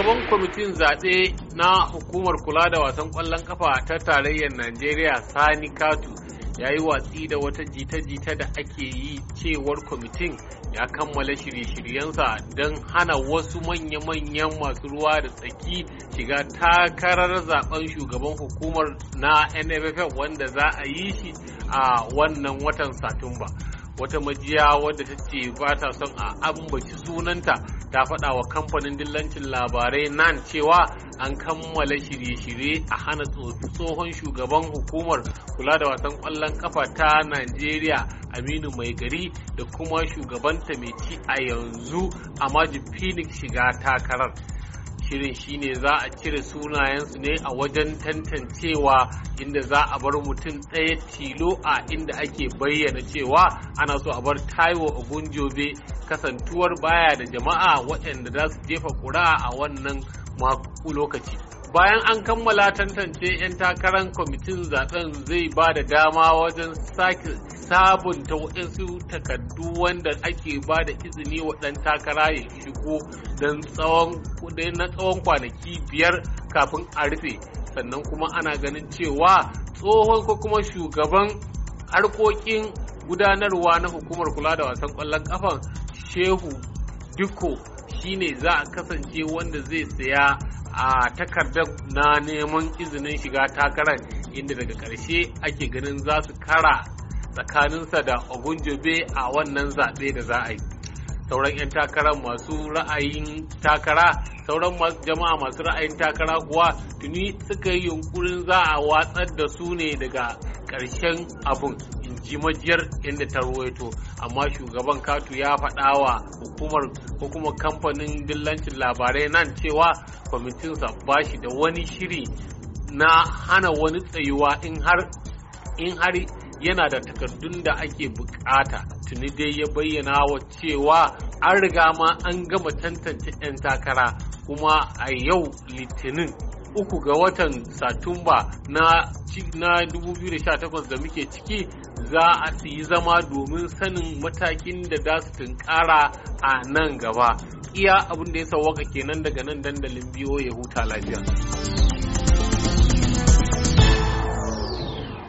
shugaban kwamitin zaɓe na hukumar kula da wasan ƙwallon kafa ta tarayyar najeriya sani katu ya yi watsi da wata jita-jita da ake yi cewar kwamitin ya kammala shirye-shiryensa don hana wasu manya-manyan masu ruwa da tsaki shiga takarar zaben shugaban hukumar na nff wanda za a yi shi a wannan watan satumba. wata majiya wadda ta ce ba ta son a ambaci sunanta ta faɗa wa kamfanin dillancin labarai nan cewa an kammala shirye-shirye a hana tsohon shugaban hukumar kula da wasan ƙwallon kafa ta najeriya aminu mai gari da kuma shugabanta mai ci a yanzu a phoenix shiga takarar shirin shine za a cire sunayensu ne a wajen tantancewa inda za a bar mutum ɗaya tilo a inda ake bayyana cewa ana so a bar taiwo a gunjobe kasantuwar baya da jama'a waɗanda za su jefa ƙuri'a a wannan lokaci bayan an kammala tantance 'yan takarar kwamitin zaben zai ba da dama wajen sake sabunta waɗansu takardu wanda ake ba da izini wa ɗan takara ya shigo na tsawon kwanaki biyar kafin a rufe sannan kuma ana ganin cewa tsohon ko kuma shugaban harkokin gudanarwa na hukumar kula da wasan ƙwallon ƙafan shehu duko shine za a kasance wanda zai saya a takardar na neman izinin shiga takarar inda daga ƙarshe ake ganin za su kara tsakaninsa da ogunjobe a wannan zaɓe da za a yi sauran 'yan takarar masu ra'ayin takara sauran jama'a masu ra'ayin takara kuwa tuni suka yi yunkurin za a watsar da su ne daga Karshen abun in ji majiyar inda ta ruwaito amma shugaban katu ya faɗa wa hukumar ko kuma kamfanin dillancin labarai nan cewa kwamitinsa ba shi da wani shiri na hana wani tsayuwa in har yana da takardun da ake bukata tuni dai ya bayyana wa cewa an riga ma an gama tantance 'yan takara kuma a yau litinin uku ga watan satumba na 2018 da muke ciki za a yi zama domin sanin matakin da za su tunkara a nan gaba iya abin da ya sawaka kenan daga nan dandalin biyo ya huta lafiya